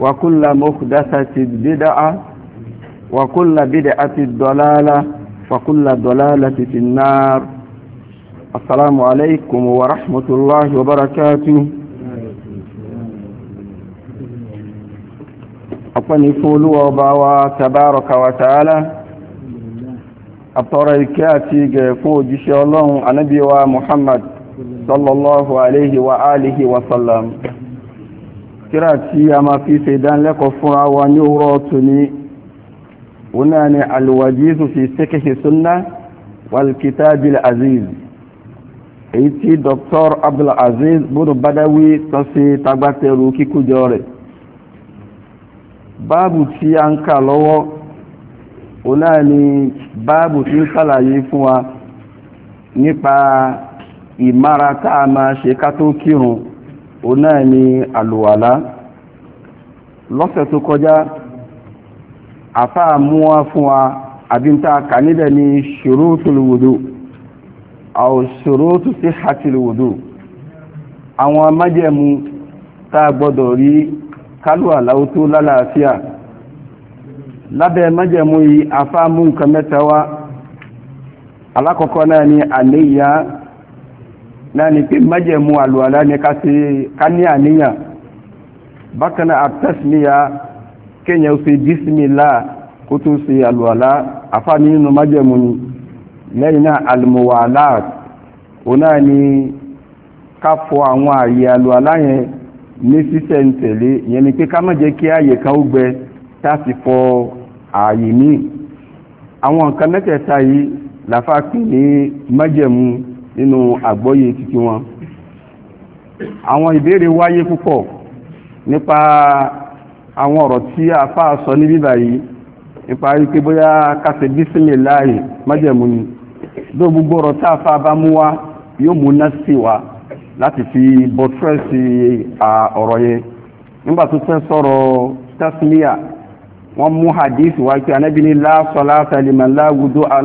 وكل مخدثة بدعة وكل بدعة ضلالة وكل ضلالة في النار السلام عليكم ورحمة الله وبركاته أطني فولو وباوا تبارك وتعالى أطرى الكاتي فوج الله النبي ومحمد صلى الله عليه وآله وسلم tíra tí a máa fi ṣe ìdánilẹ́kọ̀ọ́ fúnra wa ní òwúrọ̀ tó ní òun náà ni alwajizu fi sikihi sunna walkitabil aziz èyí tí dr abdulaziz bùdó badawi tó ṣe tagbátẹrù kíkójọ rẹ̀ báàbù tí a ń kà lọ́wọ́ òun náà ni báàbù tí ń sàlàyé fún wa nípa ìmára tá a máa ṣe ká tó kírun òun náà ni àlùwàlá lọ́sẹ̀ tó kọjá àfáà mú wá fún wa àbí ń ta kà níbẹ̀ ni ṣurutul wudu aw ṣurutu sihhatil wudu àwọn májẹ̀mú tá a gbọ́dọ̀ rí kálùwàlá ó tó lálàáfíà lábẹ́ májẹ̀mú yìí àfáà mú nǹkan mẹ́ta wá alákọ̀ọ́kọ́ náà ni àníyàn náà ni pé májẹ̀mú àlùwàlá ní ká ní àníyàn bákan náà àtẹ́sìmíyà kéèyàn ó ṣe bísímìlá kó tó ṣe àlùwàlá àfáàní nínú májẹ̀mú ni lẹ́yìn náà àlùmọ̀wàlá òun náà ni ká fọ àwọn ààyè àlùwàlá yẹn ní sísẹ̀ntẹ̀lé ìyẹn ni pé ká má jẹ́ kí ààyè kan ó gbẹ tá a sì fọ ààyè míì àwọn nǹkan mẹ́tẹ̀ẹ̀ta yìí làfáà pè ní májẹ̀mú nínú àgbọ́yé títí wọn àwọn ìbéèrè wáyé púpọ̀ nípa àwọn ọ̀rọ̀ tí àfá sọ ní bíbà yìí nípa wípé bóyá kásẹ̀ bísílẹ̀ láàyè májẹ̀mú ni ló gbogbo ọ̀rọ̀ tí àfá bá mú wá yóò mú ná sí wa láti fi bọ́tírẹ́sì ọ̀rọ̀ yẹn nígbà tó fẹ́ sọ̀rọ̀ tasmiya wọ́n mú hadith wá pé anábìnrin la salata liman la wudu'a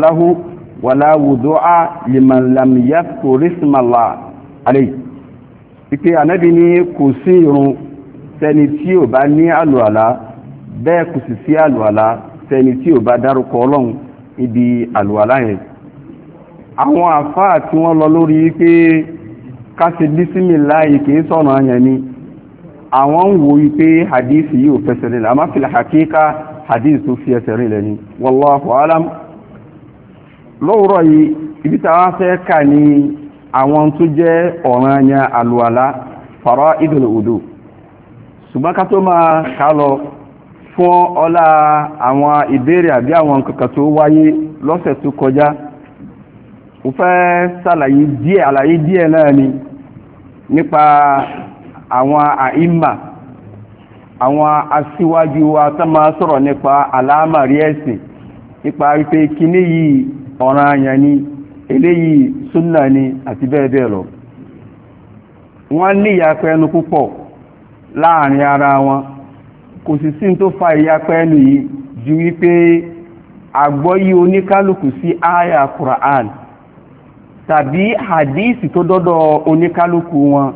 wàlá wùdúà liman lam yadhkur ismallah alayhi ìpè ànábì ní kò sí irun sẹ́ni tí ò bá ní àlùwàlá bẹ́ẹ̀ kò sì sí àlùwàlá sẹ́ni tí ò bá dárúkọ ọlọ́run ibi àlùwàlá yẹn àwọn àfáà tí wọ́n lọ lórí pé ká ṣe bísímìláì sọ̀nà yẹn ni àwọn ń wo wípé hadith yìí ò fẹsẹ̀ rìn lẹ́nu àmọ́ fil hakika hadith tó fi ẹsẹ̀ rìn lẹ́nu wallahu alam lówùrọ̀ yìí ibi tàwa fẹ́ kà ní àwọn tó jẹ́ ọ̀ranyàn àlùwàlá fara'idul wudu ṣùgbọ́n ká tó máa ká lọ fún ọlá àwọn ìbéèrè àbí àwọn kankan tó wáyé lọ́sẹ̀ tó kọjá mo fẹ́ sàlàyé díẹ̀ àlàyé díẹ̀ náà ni nípa àwọn àìmà àwọn aṣíwájú wa tó máa sọ̀rọ̀ nípa àlámàrí ẹ̀sìn nípa wípé yìí ọ̀rọ̀ anya ni eléyìí súnà ni àti bẹ́ẹ̀ bẹ́ẹ̀ lọ wọ́n ní ìyapa ẹnu púpọ̀ láàrin ara wọn kò sì sí tó fa ìyapa ẹnu yìí ju wípé àgbọ́yí oníkálùkù sí àyà Qur'an tàbí hadith tó dọ́dọ̀ oníkálùkù wọn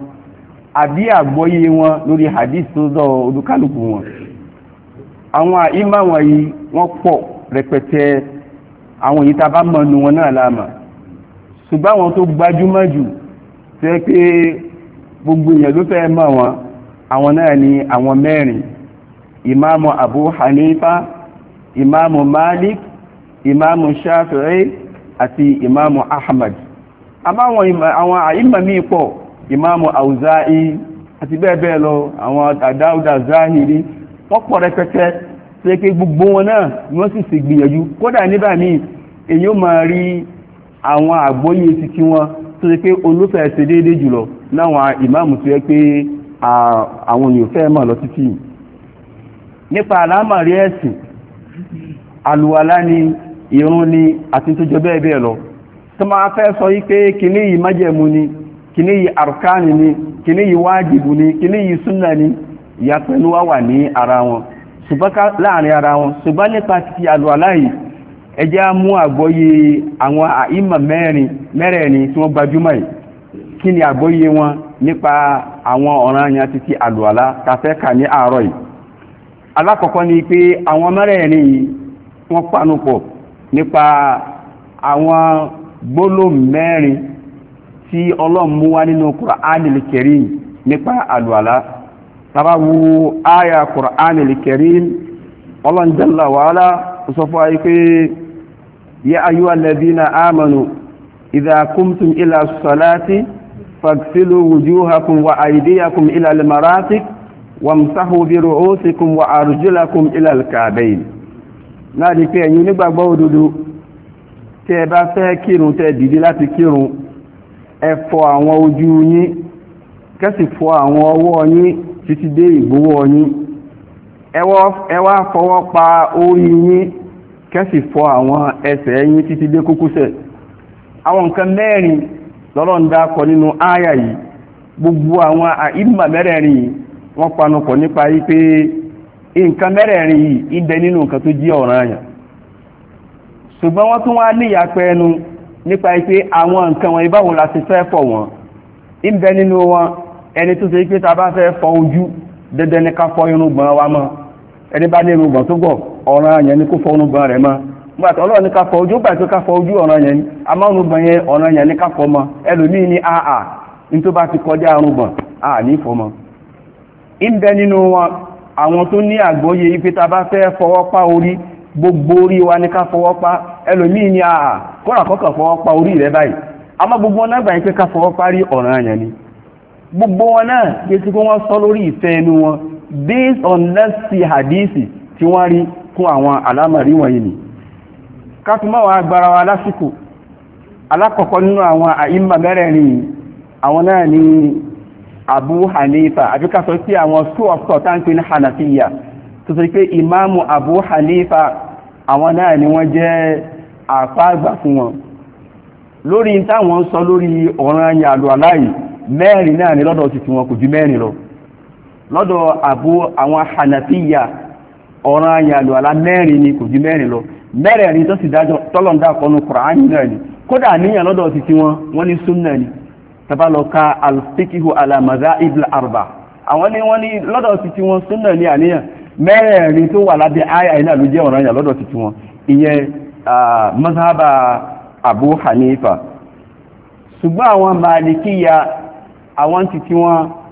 àbí àgbọ́yí wọn lórí hadith tó dọ́dọ̀ àwọn èyí tá a bá mọ̀nù wọn náà láàmà ṣùgbọ́n àwọn tó gbajúmọ̀ jù tó yẹ pé gbogbo èèyàn ló fẹ́ mọ̀ wọn àwọn náà ni àwọn mẹ́rin ìmáàmù Abu Hanifa imamu Malik imamu Shafi'i àti imamu Ahmad àmọ́ àwọn àìmọ̀ míì pọ̀ imamu Auza'i àti bẹ́ẹ̀ bẹ́ẹ̀ lọ àwọn àdáúdà záhìrí wọ́n pọ̀ rẹpẹtẹ tó yẹ pé gbogbo wọn náà wọ́n sì sì gbìyànjú kódà níbà míì èyí ó máa rí àwọn àgbọ́yé ti kí wọn tó ṣe pé olúfẹ́ ṣe déédéé jùlọ láwọn ìmáàmù tó yẹ pé àwọn èèyàn fẹ́ mọ̀ lọ títí nípa àlámàrí ẹ̀sìn àlùwàlá ni ìrun ni àti tó jọ bẹ́ẹ̀ bẹ́ẹ̀ lọ tó máa fẹ́ sọ yí pé kìíní yìí májẹ̀mú ni kìíní yìí àrùkánì ni kìíní yìí wájìbù ni kìíní yìí súnà ni ìyàpẹ̀lú wà wà ní ara wọn ṣùgbọ́n láàrin ara wọn ṣùgbọ́n nípa ti àlùwàlá yìí ẹjẹ́ á mú àgbọ́yé àwọn àìmọ̀ mẹ́rin mẹ́rẹ̀ẹ̀rin tí wọ́n gbajúmọ̀ yìí kí ni àgbọ́yé wọn nípa àwọn ọ̀ràn yẹn títí àlùwàlá tafẹ́ kà ní àárọ̀ yìí alákọ̀ọ́kọ́ ni pé àwọn mẹ́rẹ̀ẹ̀rin yìí wọ́n panupọ̀ nípa àwọn gbólóhùn mẹ́rin tí ọlọ́run mú wá nínú Qur'anil Karim nípa àlùwàlá tàbá wu àyà wàhálà sọ fún يا أيها الذين آمنوا إذا قمتم إلى الصلاة فاغسلوا وجوهكم وأيديكم إلى المرافق وامسحوا برؤوسكم وأرجلكم إلى الكعبين láàrin pé ẹ̀yin onígbàgbọ́ òdodo tẹ́ ẹ bá fẹ́ kírun tẹ́ dìde láti kírun ẹ fọ àwọn ojú yín kẹ́sì fọ àwọn ọwọ́ yín títí dé ìgbówó yín ẹ wá fọwọ́ pa orí yín kẹ́sì fọ àwọn ẹsẹ̀ yín títí dé kókósẹ̀ àwọn nǹkan mẹ́rin lọ́rọ̀ ń dákọ nínú ááyà yìí gbogbo àwọn àìmà mẹ́rẹ̀ẹ̀rin yìí wọ́n panupọ̀ nípa yí pé nǹkan mẹ́rẹ̀ẹ̀rin yìí ń bẹ nínú nǹkan tó jí ọ̀ràn àyàn ṣùgbọ́n wọ́n tún wá níyàpẹ́ ẹnu nípa yí àwọn nǹkan wọn ìbáwo la ti fẹ́ fọ̀ wọ́n ń bẹ nínú wọn ẹni tó ṣe pé ta bá fẹ́ fọ ojú dandan ní ká fọ irùngbọ̀n wa mọ́ ẹni bá ní irùngbọ̀n tó gọ̀ ọ̀ràn yẹn ni kó fọ irùngbọ̀n rẹ̀ gbàtà ọlọ́run fọ ojú gbàtà ká fọ ojú ọ̀ràn yẹn yẹn ọ̀ràn yẹn fọ ma ẹlòmíì ní àà ní bá ti kọjá arùngbọ̀n àà ní fọ nínú wọn àwọn tó ní ife a bá fẹ́ fọwọ́ pa orí gbogbo orí wa ní gbogbo wọn náà ni based on nasi hadisi tí wọ́n rí kún àwọn alámàrí wọ̀nyí ni kátùmọ́ wọn agbára wa lásìkò alákọ̀ọ́kọ́ nínú àwọn àìmà mẹ́rẹ̀ẹ̀rin àwọn náà ni Abu Hanifa àbí ká sọ sí àwọn school of thought tán pé ní Hanafiya tó sọ imamu Abu Hanifa àwọn náà ni wọ́n jẹ́ àfáàgbà fún wọn lórí táwọn sọ lórí ọ̀ranyàn àlùwàlá yìí mẹ́rin náà ni lọ́dọ̀ ti fi wọn kò ju mẹ́rin lọ́dọ̀ àbú àwọn hànàfíyà ọ̀ràn àyàlò alá mẹ́rin ni kò ju mẹ́rin lọ mẹ́rẹ̀ẹ̀rin tó sì dájọ́ tọ́lọ̀ndà kọnu kùránì náà ni kódà níyàn lọ́dọ̀ ti ti wọn wọ́n ní súnnà ni tabalọ́ka alfikihu alamaza ibla arba àwọn ni wọ́n ní lọ́dọ̀ ti ti wọn súnnà ni àníyàn mẹ́rẹ̀ẹ̀rin tó wà lábẹ́ àyà iná abu hanifa ṣùgbọ́n àwọn malikiya àwọn ti ti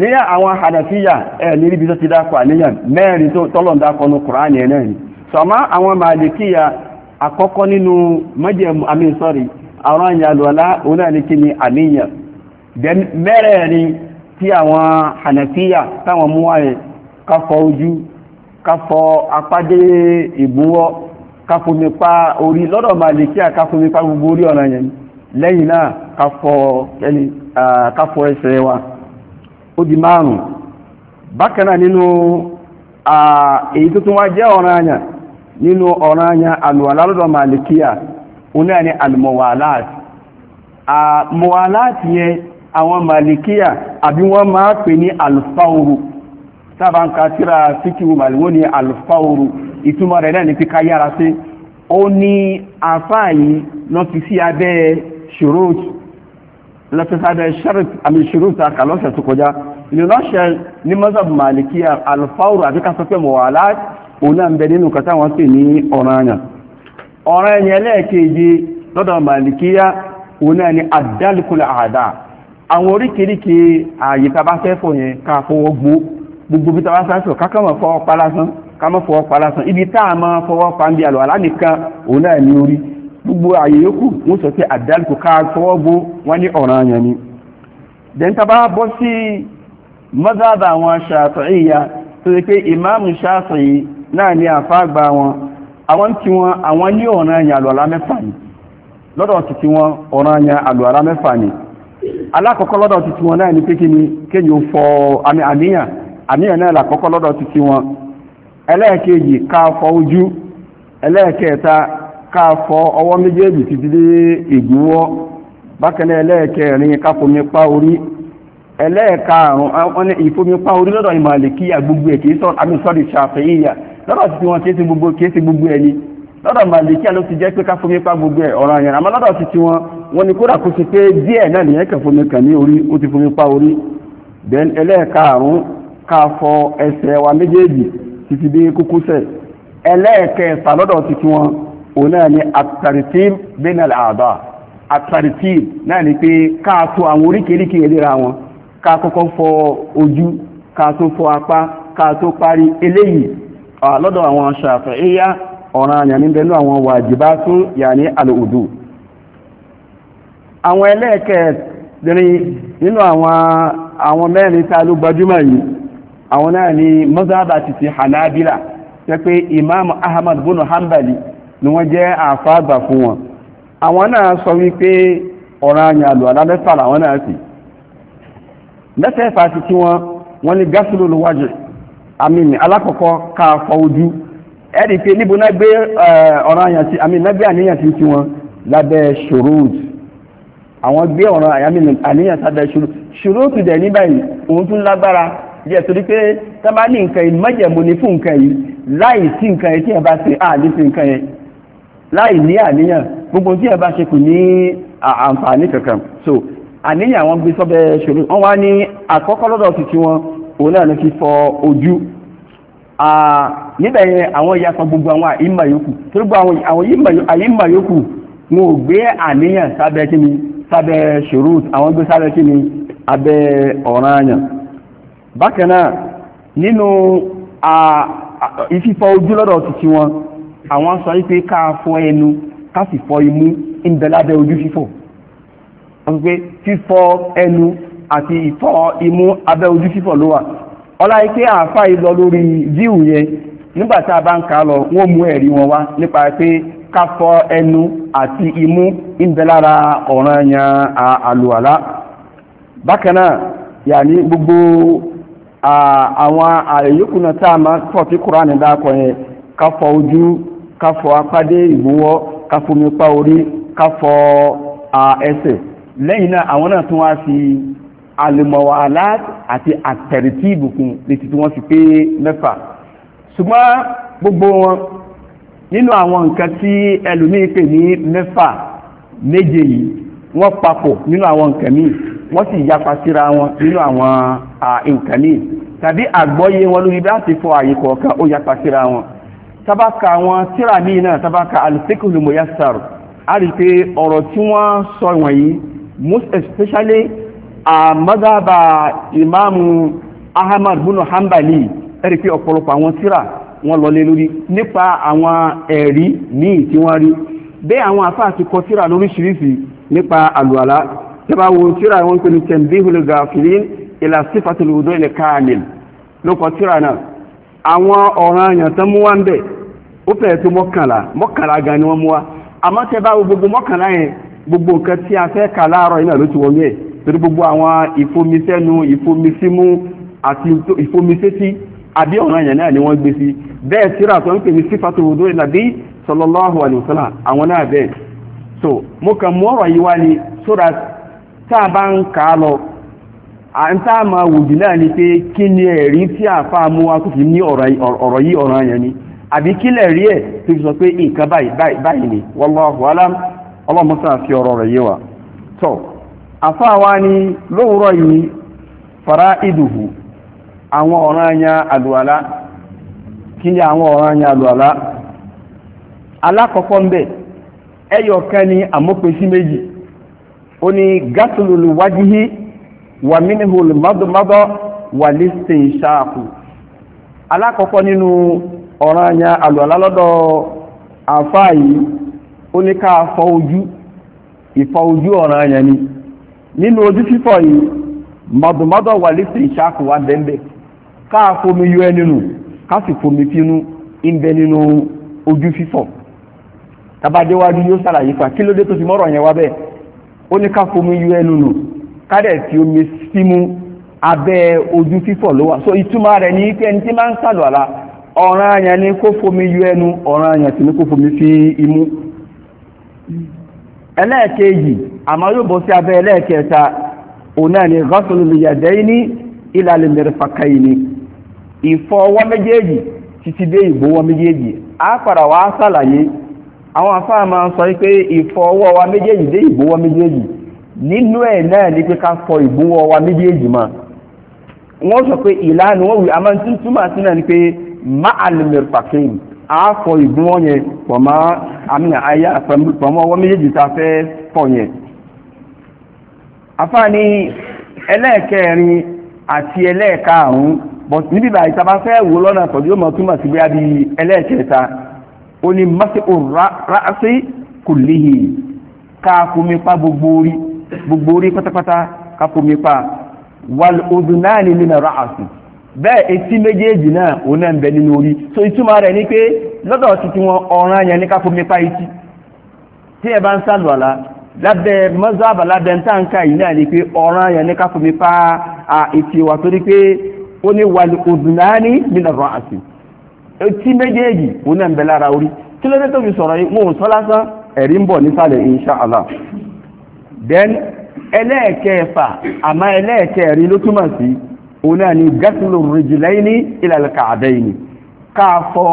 ní àwọn hànàfíyà ẹ̀ ní ibi tó ti dákọ̀ àníyàn mẹ́rin tó tọ́lọ̀ dákọ̀ ní kùránì ẹ̀ náà ni sọ̀mọ́ àwọn màlìkíyà àkọ́kọ́ nínú mọ́jẹ̀mú àmì àwọn àyàlọ́lá ni àníyàn mẹ́rẹ̀ẹ̀rin tí àwọn hànàfíyà táwọn mú wáyé ẹsẹ̀ wa ó di márùn bákan náà nínú èyí tó tún wá jẹ́ ọ̀ràn àyà nínú ọ̀ràn àyà àlùwàlá lọ́dọ̀ màlìkíyà oní àní àlùmọ̀wàláàt àmọ̀wàláàt yẹn àwọn màlìkíyà àbí wọ́n máa pè ní alfáoru sábà ń ka síra síkìwò màlìwò ní alfáoru ìtumọ̀ rẹ̀ náà ní píká yára sí ó ní àfáàyí lọ fi sí abẹ́ ṣòro lọ́tẹ́sábẹ́ ṣẹ́rẹ̀ àmì ṣòro ta kàlọ́sẹ̀ tó kọjá ìrìnlọ́ṣẹ́ ní mazhab maliki alfawru àti ká sọ pé muwalat òun náà ń bẹ nínú kàtà wọn sì ní ọ̀ranyàn ọ̀ranyàn ẹlẹ́ẹ̀kejì lọ́dọ̀ malikiya òun náà ni àdálùkulẹ̀ àdá àwọn oríkèríkè ààyè tàbá fẹ́ fò yẹn ká fọwọ́ gbó gbogbo bí tàbá sáṣọ kákàmọ̀ fọwọ́ pa lásán kámọ́ fọwọ́ pa lásán ibi tá a máa fọwọ́ pa ń bí àlọ́ alánìkan sọ pé àdálùkù ká fọwọ́ wọ́n ní ọ̀ranyàn ni dẹ́ntàbá bọ́ sí mọ́dábà àwọn ṣàtọ̀íyà tó rí pé ìmáàmù yìí náà ni àfáàgbà wọn àwọn tí wọn àwọn ní ọ̀nà àyà àlùwàlá mẹ́fà ni lọ́dọ̀ ti wọn ọ̀nà àyà àlùwàlá mẹ́fà ni alákọ̀ọ́kọ́ lọ́dọ̀ ti wọn náà ni pé kí fọ àmì àníyàn àníyàn náà làkọ́kọ́ lọ́dọ̀ wọn ẹlẹ́ẹ̀kejì ká fọ ojú ẹlẹ́ẹ̀kẹta ká fọ ọwọ́ méjèèjì títí dé bákan náà ẹlẹ́ẹ̀kẹrin ká ẹlẹ́ẹ̀kaàrùn wọn ni ìfomipa orí lọ́dọ̀ ìmàlìkíyà gbogbo ẹ̀ kìí sọ́rọ̀ àmì sọ́rọ̀ ìṣàfihìyà lọ́dọ̀ tí wọ́n kìí sí gbogbo kìí sí gbogbo ẹni lọ́dọ̀ ìmàlìkíyà ló ti jẹ́ pé ká fomipa gbogbo ẹ̀ ọ̀rọ̀ àyàn àmọ́ lọ́dọ̀ tí wọ́n wọ́n ni kódà kó ṣe pé díẹ̀ náà nìyẹn kẹ́ fomi kàn ní orí ó ti fomipa orí then ẹlẹ́ẹ̀kaàrùn ká fọ ẹsẹ̀ wa méjèèjì títí dé kókósẹ̀ ẹlẹ́ẹ̀kẹta lọ́dọ̀ tí wọ́n òun náà ni àtàrìtìm bẹ́ẹ̀ náà àdá àtàrìtìm náà ni pé káàtó àwọn oríkèéríkèé léra wọn ká kọ́kọ́ fọ ojú ká tó fọ apá ká tó parí eléyìí lọ́dọ̀ àwọn Ṣàfi'íyà ọ̀ràn àyàní bẹ̀lú àwọn wàjìbátù yàní alòdù àwọn ẹlẹ́ẹ̀kẹ́rin nínú àwọn mẹ́rin tá ló gbajúmọ̀ yìí àwọn náà ni mọ́sáàbà ti ti Hanabila tẹ́ pé Imam Ahmad bunu Hanbali ni wọ́n jẹ́ àfáàgbà fún wọn àwọn náà sọ wípé ọ̀ràn àyàlù alálẹ́fà làwọn náà sì si mẹ́fẹ̀ẹ̀fà ti tí wọn wọn ni gásùlù lùwájú àmì alákọ̀ọ́kọ́ ká fọ ojú ẹ̀rì pé níbo náà gbé ọ̀ràn àyàn tí àmì náà gbé àníyàn tí tí wọn lábẹ́ ṣòrood àwọn gbé ọ̀ràn àníyàn sábẹ́ ṣòrood ṣòrood dẹ̀ ní báyìí òun tún lágbára díẹ̀ torí pé tábà ní nǹkan yìí mọ́jẹ̀mú ni fún nǹkan yìí láì sí nǹkan yìí tí ẹ bá ṣe àní sí nǹkan yẹn láì ní àníyàn gbogbo tí ẹ bá ṣe kù ní àǹfààní kankan so àníyàn àwọn gbé sọ́bẹ̀ ṣòro wọ́n wá ní àkọ́kọ́ lọ́dọ̀ sí tí wọn òun náà ní fífọ ojú nígbà yẹn àwọn ìyàtọ̀ gbogbo àwọn àìmà yòókù tó gbogbo àwọn àìmà yòókù wọn ò gbé àníyàn sábẹ́ kí ni sábẹ́ ṣòro àwọn gbé sábẹ́ kí ni abẹ́ ọ̀ràn àyàn bákan náà nínú ìfífọ ojú lọ́dọ̀ sí wọn àwọn sọ wípé ká fọ ẹnu ká sì fọ imú ń bẹ lábẹ́ ojú fífọ̀ wọ́n pé fífọ́ ẹnu àti ìtọ́ imú abẹ́ ojú fífọ́ ló wà ọlá ike àáfà yìí a bá ń lọ mú wọn wá nípa pé ká fọ ẹnu àti imú bákan náà gbogbo àwọn tá a máa yẹn ká fọ ojú ká fọ apádé lẹ́yìn náà àwọn náà tún wá sí alìmọ̀wàlá àti àtẹ̀rìtì ìbùkún létí tí wọ́n sì pé mẹ́fà ṣùgbọ́n gbogbo wọn nínú àwọn nǹkan tí ẹlòmíì pè ní mẹ́fà méje yìí wọ́n papọ̀ nínú àwọn nǹkan míì wọ́n sì yapa síra wọn nínú àwọn nǹkan míì tàbí àgbọ́yé wọn lórí bí láti fọ àyè kọ̀ọ̀kan ó yapa síra wọn tábàkà àwọn tíra míì náà tábàkà al a rí pé ọ̀rọ̀ tí wọ́n sọ wọ̀nyí most especially a mazaba imamu ahmad bunu hanbali ẹ̀rí pé ọ̀pọ̀lọpọ̀ àwọn síra wọn lọlé lórí nípa àwọn ẹ̀rí míì tí wọ́n rí bẹ́ẹ̀ àwọn àfáà ti kọ síra lóríṣiríṣi nípa àlùwàlá tẹ́bà wo síra wọn pè ní tẹ̀mbíhùl gàfìlín ìlà sífàtìlù ọdún ilẹ̀ káàlìl ló kọ síra náà àwọn ọ̀ràn àyàn tán mú wá ń bẹ̀ ó fẹ́ẹ̀ tó mọ́kànlá mọ́kànlá gan ni wọ́n mú wá àmọ́ tẹ́bà wo gbogbo mọ́kànlá yẹn gbogbo nǹkan tí a fẹ́ kà láàárọ̀ iná ló ti wọnú ẹ̀ torí gbogbo àwọn ìfomisẹ́nu ìfomisímú àti ìfomisétí àbí ọ̀ràn yẹn náà ni wọ́n gbé sí bẹ́ẹ̀ síra tó ń pè ní sífàtò òdó ìnàbí sallallahu alaihi wasallam àwọn náà bẹ́ẹ̀ so mo kàn mú ọ̀rọ̀ yìí wá ni so that tá a bá ń kà á lọ à ń tá a máa wùdí náà ni pé kí ni ẹ̀rí tí àáfàá mú wa tó fi ní ọ̀rọ̀ yìí ọ̀ràn yẹn ni àbí kílẹ̀ rí ẹ̀ tó fi sọ pé nǹkan báyìí báyìí ni wallahu alam ọlọ́mọ́sá àti ọ̀rọ̀ rẹ̀ yíwa tó afáwa ni lówùrọ̀ yìí fara ìdùhù àwọn ọ̀ràn anya àlùwàlá kí ni àwọn anya àlùwàlá alákọ̀ọ́kọ́ ń bẹ̀ ẹyọ kan ní àmópesí méjì ó ni gátùlùlù wájíhí wà mínihùl mọ́dọ̀mọ́dọ̀ wà lísìn ṣáàkù alákọ̀ọ́kọ́ nínú ọ̀ràn anya àlùwàlá ó afọ oju fọ ojú ìfọ ojú ọ̀ràn àyàn ni nínú ojú fífọ̀ yìí mọ̀dùmọ́dọ̀ wà ìṣàkó wa bẹ́ẹ̀ ká fomi yọ ẹni ká sì fomi fínú ń nínú ojú fífọ̀ tabadéwájú yóò ṣàlàyé fà kí ló dé tó fi mọ́rọ̀ yẹn wá bẹ́ẹ̀ ó fomi yọ ẹnu nù ká dẹ̀ fi omi símú abẹ́ ojú fífọ̀ ló wà so ìtumọ̀ rẹ̀ ní ẹni tí máa ń sàlọ̀ fomi yọ ẹnu sì fomi fi imú ẹlẹ́ẹ̀kejì àmọ́ yóò bọ́ sí abẹ́ ẹlẹ́ẹ̀kẹta òun náà ni ghasululiyadaini ilalil mirfaqaini ìfọwọ́ méjèèjì títí dé ìgbówọ́ méjèèjì á padà wá sàlàyé àwọn afáà máa sọ pé ìfọwọ́ wa méjèèjì dé ìgbówọ́ méjèèjì nínú ẹ̀ náà ni pé ká fọ ìgbówọ́ wa méjèèjì mọ́ wọ́n sọ pé ìlànà wọ́n afọ ìgún wọn yẹn amina aya àmìnà ayé pọ̀ mọ́ ọwọ́ méjèèjì tá a àti but níbi báyìí a bá fẹ́ wò lọ́nà tọ́jú yóò mọ̀ túmọ̀ sí bóyá bíi ẹlẹ́ẹ̀kẹta ó ní mọ́sí òrásí kò léhe káàkómi pa gbogbo orí gbogbo bẹ́ẹ̀ etí méjèèjì náà ò náà bẹ nínú orí so ìtumọ̀ rẹ̀ pé lọ́dọ̀ ti wọn yẹn ní káfó etí tí ẹ bá ń sálù àlá lábẹ́ mọ́sáàbà lábẹ́ ń yìí náà ni pé ọ̀ràn yẹn ní káfó mi pa etí wa torí pé ó ní wàlú òdùnnáání nínú àti etí méjèèjì náà bẹ lára orí kí ló dé tó fi sọ̀rọ̀ yìí wọn ò sọ lásán òun náà ni gẹ́sìlù rìjìláìní ìlàlẹ̀kà àdáyìní ká fọ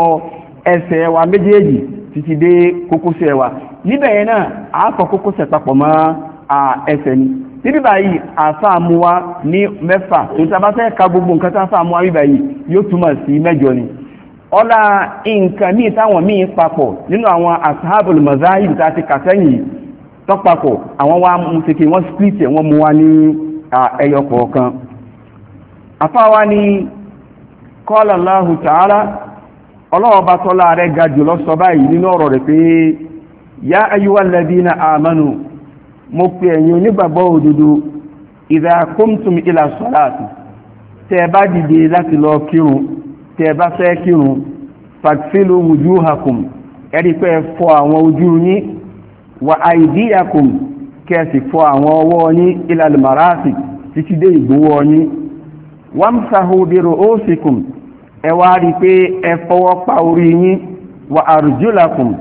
ẹsẹ̀ wa méjèèjì títí dé kókósẹ̀ wa níbẹ̀ yẹn náà a kọ kókósẹ̀ papọ̀ mọ́ ẹsẹ̀ ni níbi báyìí àfàmù wa ní mẹ́fà tó sábà fẹ́ ka gbogbo nǹkan tá àfàmù wa bíbà yìí yóò túmọ̀ sí mẹ́jọ ni ọlá nǹkan míì táwọn míì papọ̀ nínú àwọn asahabul mazahib tá a ti kà tọ́papọ̀ àwọn wa mú sèké wọ́n split wọ́n mú wa ní ẹyọ kọ̀ọ̀kan àfáwa ni qala Allahu ta'ala ọlọ́ọ̀bá tọ́lá rẹ̀ ga jùlọ sọ báyìí nínú ọ̀rọ̀ rẹ̀ pé yá ayyuhal ladina amanu mo pè ẹ̀yin onígbàgbọ́ òdodo idha qumtum ila salati tẹ́ bá dìde láti lọ kírun tẹ́ bá fẹ́ kírun fagsilu wujuhakum ẹ̀rí pé fọ wa aydiyakum kẹ́ẹ̀sì fọ àwọn ọwọ́ yín ila al-marafiq títí dé ìgbówọ́ yín wamsahu bi ru'usikum ẹ wá rí pé ẹ fọwọ́ pa orí yín wa arjulakum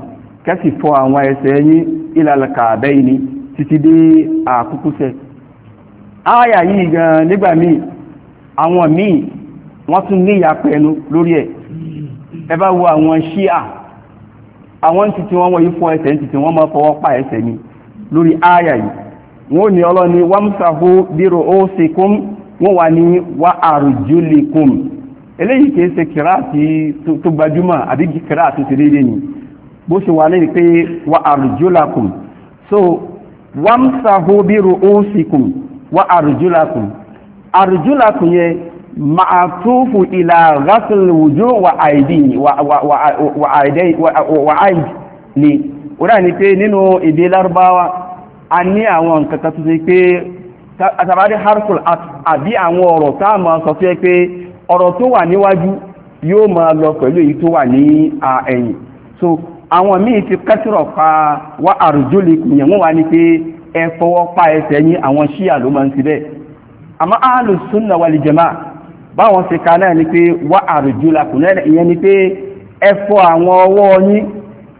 kẹ́sì fọ àwọn ẹsẹ̀ yín ilal ka'bayni títí dé àkúkúsẹ̀ ááyà yìí gan nígbà míì àwọn míì wọ́n tún ní ìyapẹ̀ ẹnu lórí ẹ̀ ẹ bá wo àwọn ṣíà àwọn títí wọ́n wọ̀nyí fọ ẹsẹ̀ ní títí wọ́n máa fọwọ́ pa ẹsẹ̀ ni lórí ááyà yìí wọ́n ní ọlọ́ni wamsahu bi ru'usikum wọ́n wà ní wà àrùjúlìkùn eléyìí kìí ṣe kìrá tó gbajúmọ̀ àbí kìrá tó ti dédé ni bó ṣe wà lẹ́yìn pé wà àrùjúlàkùn so wàmsàhó bírò ósìkùn wà àrùjúlàkùn àrùjúlàkùn yẹ ma'atufu ila ghasl wujuh wa aidi wa wa wa wa aidi ni ora ni pé nínú èdè Lárúbáwá a ní àwọn nǹkan kan tó ṣe pé àtàbádé harful àbí àwọn ọ̀rọ̀ tá ma sọ fẹ́ pé ọ̀rọ̀ tó wà níwájú yóò ma lọ pẹ̀lú èyí tó wà ní ẹ̀yìn so àwọn míì ti kẹ́tìrọ̀ pa wá àrùjólìkùn yẹn wọ́n wá ní pé ẹ fọwọ́ pa ẹsẹ̀ yín àwọn ṣíà ló máa ń ti bẹ́ẹ̀ àmọ́ áàlù súnà wàlì jẹ̀má báwọn ṣe ka náà ni pé wá àrùjólìkùn náà ìyẹn ni pé ẹ fọ àwọn ọwọ́ yín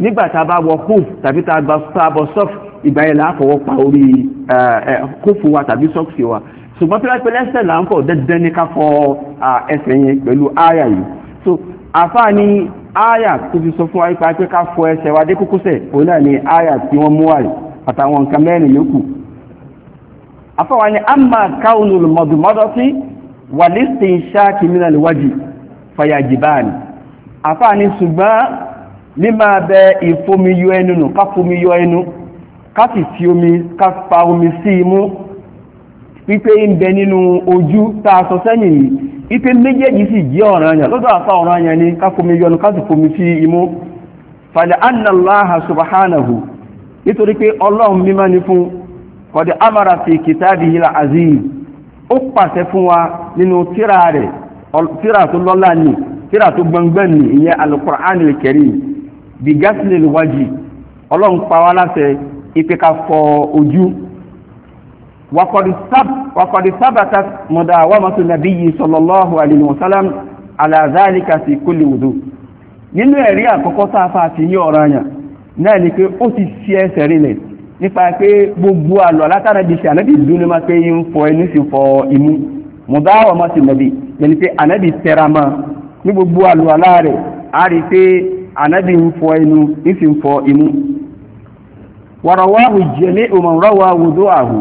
nígbà tá a bá wọ kóf tàbí tá a bọ sọf ìgbà yẹn là á fọwọ́ pa orí kófù wa tàbí sọ́ọ̀sì wa ṣùgbọ́n tí wọ́n pe lẹ́sẹ̀ là ń fọ̀ dandan ní ká fọ ẹsẹ̀ yẹn pẹ̀lú àyà yìí so àfáà ní àyà tó fi sọ fún wa ipa pé ká fọ ẹsẹ̀ wa dé kókósẹ̀ òun náà ní àyà tí wọ́n mú àyè àtàwọn nǹkan mẹ́rin yòókù àfáà wa ní àmà káwọn mọ̀dùmọ́dọ́ sí wàlísìn ṣáàkì mìíràn níwájú fàyàjìbáàni àfáà ní ṣùgbọ́n ní máa bẹ ìfomi yọ ẹnu nù yọ ẹnu fi omi ká fa omi sí imú wípé ń bẹ nínú ojú tá a sọ sẹ́yìn yìí wípé méjèèjì sì jẹ́ lọ́dọ̀ ni ká yọ ẹnu fomi sí imú subhanahu nítorí pé ọlọ́run mímọ́ ni fún amara fi kitabihi la azim ó pàṣẹ fún wa nínú tíra rẹ̀ tíra tó ni tíra tó gbọ̀ngbọ̀n bí gásílẹ̀ lùwájì ọlọ́run pa wá láṣẹ ipe ká fọ ojú wakọ̀dì sábàtà mọ̀dà àwọ̀mọ̀tò nàbí yìí sallallahu alayhi wa sallam ala zalika fi kulli wudu nínú ẹ̀rí àkọ́kọ́ sáfà àti ní ọ̀rọ̀ àyàn náà ni pé ó ti ṣe ẹsẹ̀ rinlẹ̀ nípa pé gbogbo àlọ́ látara di ṣe ànábì dúnú máa pé ń fọ inú ànábì ń fọ inú ìfi imu. fọ imú wàrọ̀wáhù jẹ́ ní òmọ̀rọ̀wà wùdó àhù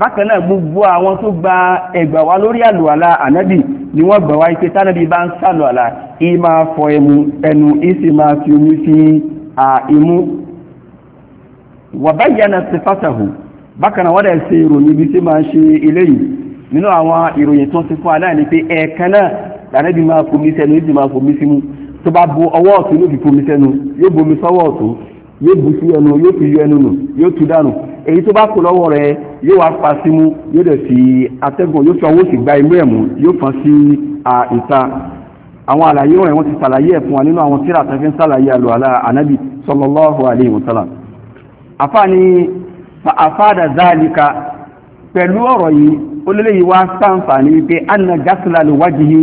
bákan náà gbogbo àwọn tó gba ẹgbà wá lórí àlùwàlá ànábì ni wọ́n gbà wá ipé tánábì bá ń sàlùwàlá ì máa fọ ẹnu ìsì máa fi omi fi imú wàbáyánà sífàtàhù bákan náà wọ́n dẹ̀ ṣe ìròyìn ibi tí máa ń ṣe eléyìí nínú àwọn ìròyìn tó ń ti fún aláìní pé ẹ̀ẹ̀kan náà tànábì máa fomi sẹ́nu ìsì máa fomi símú tó bá bu ọwọ́ ọ̀tún ló fi fomi sẹ́nu yóò bomi sọ́wọ́ ọ̀tún yóò bu sí ẹnu yóò fi yọ ẹnu nù yóò tú dànù èyí tó bá kó lọ́wọ́ rẹ̀ yóò wá pa símú yóò dẹ̀ fi atẹ́gùn yóò fi ọwọ́ sì gba imú ẹ̀ mú yóò fọ́n sí ìta àwọn àlàyé wọ̀nyí wọ́n ti ṣàlàyé ẹ̀ fún wa nínú àwọn tíra tó fi ń ṣàlàyé àlùwàlá ànábì sallallahu alayhi wa sallam àfáàní àfáàdà záàlìka pẹ̀lú ọ̀rọ̀ yìí ó lélẹ́yìí wá sáǹfà ní wípé anna gásìlá lè wájú yìí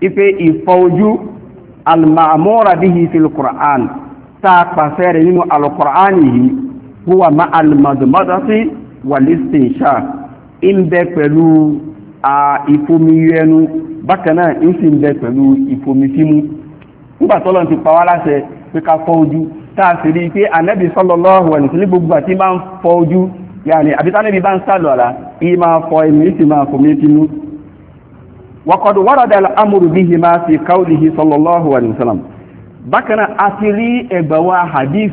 wípé ìfọ ojú almamura bihi fil qur'an ta pàṣẹ rẹ̀ nínú alukur'an yìí huwa ma almadmadati wal istinshaq ń bẹ pẹ̀lú ìfomiyẹnu bákan náà ń sì ń bẹ pẹ̀lú ìfomisímú nígbà tọ́lọ́ ti pa wá láṣẹ pé ká fọ ojú tá a sì rí i pé ànábì sallallahu alaihi wasallam gbogbo àti máa ń fọ ojú yàní àbí tánẹ́bí bá ń sálọ̀ àlá ìyí máa fọ ẹ̀mí sì waqad warada al-amru bihima fi qawlihi sallallahu alayhi wa sallam bákan náà a ti rí ẹgbẹ̀wá hadith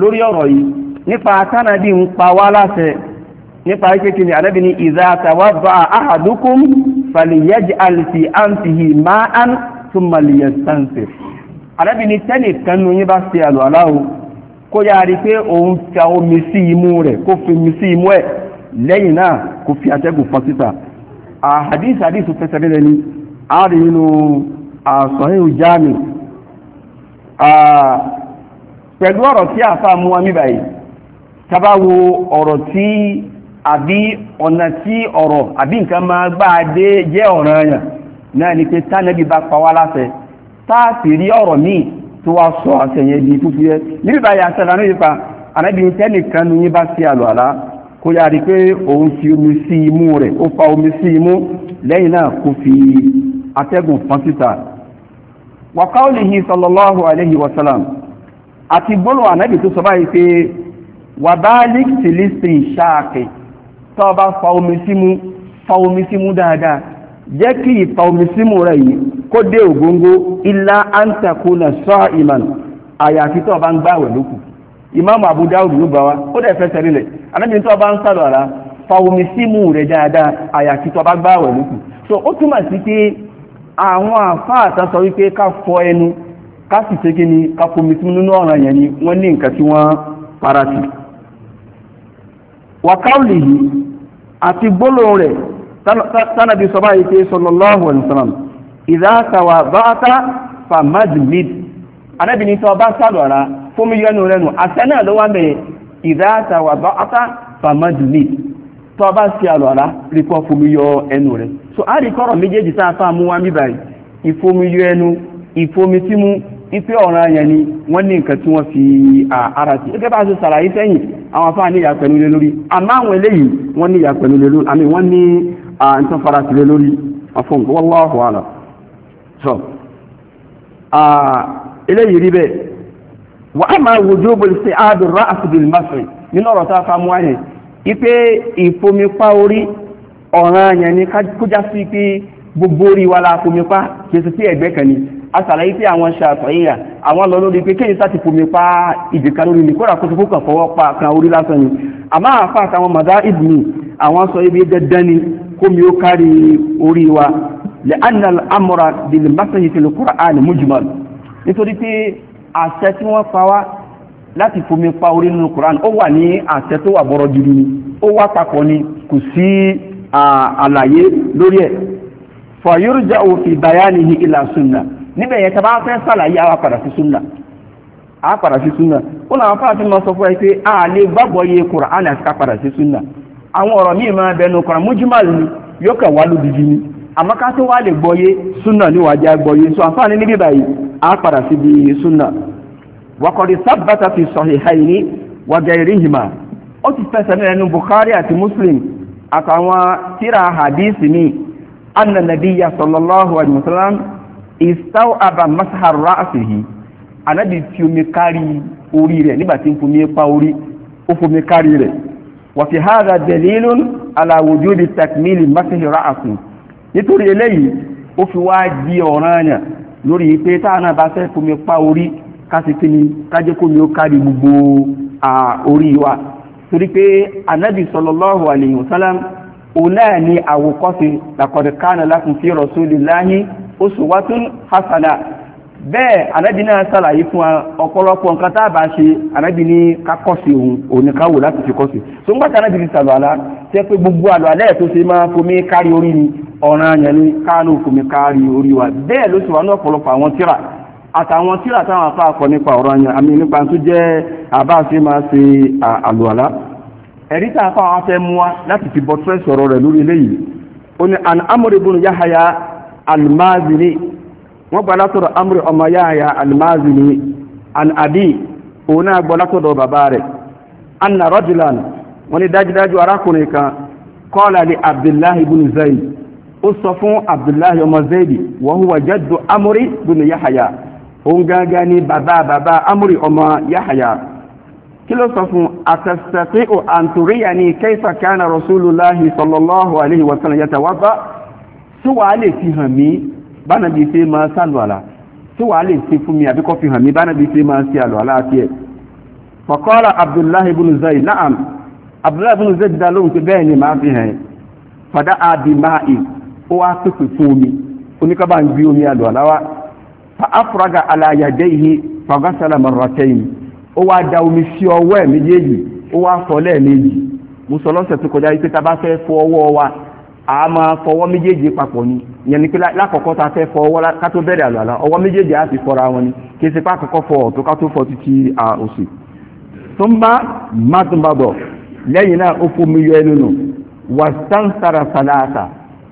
lórí ọ̀rọ̀ yìí nípa tánàbí ń pa wá láṣẹ nípa kékeré ní Ànábì ní idha tawadda'a ahadukum falyaj'al fi anfihi ma'an thumma liyastansir Ànábì ní tẹ́nì kanú yín bá ṣe àlùwàlá o kó yáa rí pé òun fi omi sí imú rẹ̀ kó fi omi sí imú ẹ̀ lẹ́yìn náà kó fi àtẹ́gùn fọ́n síta a hadith hadith rẹ̀ ni a rí nínú àsọ̀hìn pẹ̀lú ọ̀rọ̀ tí a fà mú wa míbàáyìí tàbá wo ọ̀rọ̀ tí àbí ọ̀nà tí ọ̀rọ̀ àbí nǹkan máa gbáadé jẹ́ ọ̀ràn ẹ̀yàn náà ni pé tánàbí bá tó wá kó yá rí pé òun fi omi sí imú rẹ̀ ó fa omi sí imú lẹ́yìn náà kó fi atẹ́gùn fọ́n síta wa qawlihi sallallahu alayhi wa sallam àti gbólóhùn ànábì tó sọ báyìí pé wà bá líkìtì lísìn ṣáàkì tó bá fa omi símú fa omi símú dáadáa jẹ́ kí ìfa omi símú rẹ̀ yìí kó dé ògóngó ilá antakuna sa'iman àyàfi tó bá ń gbáwẹ̀ lókù ìmáàmù Abu ló bá wa ó dẹ̀ fẹ́ sẹ́rílẹ̀ anábìnrin tó bá ń sàrọ̀ àrá fàwomi símú rẹ̀ dáadáa àyàkí tó bá gbáwẹ̀ lókù so ó túmọ̀ sí pé àwọn àfáàtà sọ wípé ká fọ ẹnu ká sì ṣe kíni ká fomi sí nínú ọ̀ràn yẹn ni wọ́n ní nǹkan tí wọ́n paratì wàkáùlì yìí àti gbólóhùn rẹ̀ tánàbí sọ báyìí pé sallallahu alaihi wasallam ìdáàtàwà báátá fàmájìlì anábìnrin tó bá sàrọ̀ àrá fómi yọnu rẹnu àṣẹ náà ló wá bẹ̀rẹ̀ ìdáta wà bá átá fàmájúlé tó bá sí àlọ́lá rípọ́ fomi ẹnu rẹ̀ so a rí kọ́rọ̀ méjèèjì tá a fà mú wá níbàyí ìfomi ẹnu ìfomi tí mú ipe ọ̀ràn ayẹn ni wọ́n ní nǹkan tí wọ́n fi ara sí gẹ́gẹ́ bá a ṣe ṣàlàyé sẹ́yìn àwọn afáà ní ìyàpẹ̀lú lé lórí àmọ́ àwọn eléyìí wọ́n ní ìyàpẹ̀lú lé lórí àmì wọ́n ní nǹkan farasí lé lórí ọ̀fọ̀n wallahu a'lam so eléyìí rí bẹ́ẹ̀ وأما وجوب استعاد الرأس بالمسح nínú ọ̀rọ̀ tá a fa mú àyẹ̀ ipé ìfomipá orí ọ̀ràn àyẹ̀ ni kójá sí pé gbogbo orí wa la fomipá kèsì sí ẹ̀gbẹ́ kan ni a sàlàyé pé àwọn ṣàtọ̀ yìí àwọn lọ lórí pé kéyìn sáti fomipá ìdìkà lórí ní kódà kó tó kàn fọwọ́ pa kan orí lásán ni àmọ́ àfa àtàwọn mọ̀dá ìdùnnú àwọn sọ ibi dandan ni kó mi ó kárí orí wa lẹ́ànà amọ̀ra bìlì másìlì tìlù kúrò àná mújùmọ̀ nítorí pé àṣẹ tí wọ́n pa wá láti fomi pa orí nínú Quran ó wà ní àṣẹ tó wà gidi ni ó wà papọ̀ ni kò sí àlàyé lórí ẹ̀ fàyórùjà òfin bayani ní ilà sunna níbẹ̀ yẹn tàbá fẹ́ sàlàyé àwọn padà a padà sí sunna ó làwọn fáwọn fi máa sọ fún a lè gbàgbọ́ yé Quran àti ká padà sí sunna àwọn ọ̀rọ̀ míì máa bẹnu àmọ́ ká tó wá lè gbọ́yé súnà níwájá gbọ́yé so àfáàní níbí báyìí a padà sí bí súnà wakọ̀dì sábàtà fi sahihayni wa gairihima ó ti fẹsẹ̀ ní ẹnu Bukhari àti Muslim àtàwọn tíra hadisi ni anna nabiyya sallallahu alaihi wasallam istaw'aba masahar ra'sihi anabi fi omi kárí orí rẹ̀ nígbà tí ń fomi pa orí ó fomi kárí rẹ̀ wa fi hadha dalilun ala wujudi takmili masahi ra'sihi nítorí eléyìí ó fi wá di ọ̀ranyàn lórí pé táà náà bá fẹ́ fomi pa orí kásìkíní kájẹ́kómi ó kárí gbogbo orí wa torí pé anábì sallallahu alayhi wa sallam òun náà ni àwòkọ́ṣe laqad kana lakum fi rasulillahi uswatun hasana bẹ́ẹ̀ anábì náà sàlàyé fún ọ̀pọ̀lọpọ̀ nǹkan tá a bá ṣe anábì ní kakọ́sí òun òun ká wò láti fi kọ́sí tó ń gbàtà anábì ti sàlọ̀ àlá tẹ́ pé gbogbo àlọ́ alẹ́ tó ṣe máa fomi kárí orí ni ọ̀ràn àyàn ní káánù kùmí káàrí orí wa bẹ́ẹ̀ ló ti wà ní ọ̀pọ̀lọpọ̀ àwọn tíra àtàwọn tíra táwọn akọ nípa ọ̀rọ̀ àyàn àmì nípa tó jẹ́ àbá máa ṣe àlùwàlá ẹ̀rí tá a fà wọn fẹ́ mú wa láti fi an amúre yahaya wọ́n gba látọ̀dọ̀ amúre ọmọ yahaya an òun náà gbọ́ látọ̀dọ̀ bàbá rẹ̀ wọ́n ní dájúdájú arákùnrin ó sọ fún abdullahi ọmọ zaidi wọ́n wà jẹ́dù amúrí gbùnú yahaya òun gángan ní bàbá bàbá amúrí ọmọ yahaya kí ló sọ fún àtẹ̀sẹ̀tì ò àǹtòríyà ní kayfa kana rasulullahi sallallahu alayhi wa sallam yatawadda tí wàá lè fi hàn mí bánàbí ṣe máa sálù àlà tí wàá lè ṣe fún mi àbíkọ́ fi hàn mí bánàbí ṣe máa ṣe àlọ́ aláàfíà faqala abdullahi ibn zayd na'am abdullahi ibn zayd dá lóhùn pé bẹ́ẹ̀ ni màá fi hàn fada abi ó wá pèpè fún omi oníkàbá ń gbé omi àlọ́ àláwá fa alayade ihe fagasala maratayin ó wá da omi sí ọwọ́ ẹ̀ méjèèjì ó wá fọ lẹ́ẹ̀mejì mo tó ta fẹ́ fọ ọwọ́ wa a máa fọwọ́ méjèèjì papọ̀ ni ta fẹ́ fọ ọwọ́ bẹ̀rẹ̀ àlọ́ ọwọ́ méjèèjì á fọra wọn ni pàkọ́kọ́ fọ fọ títí òsì bá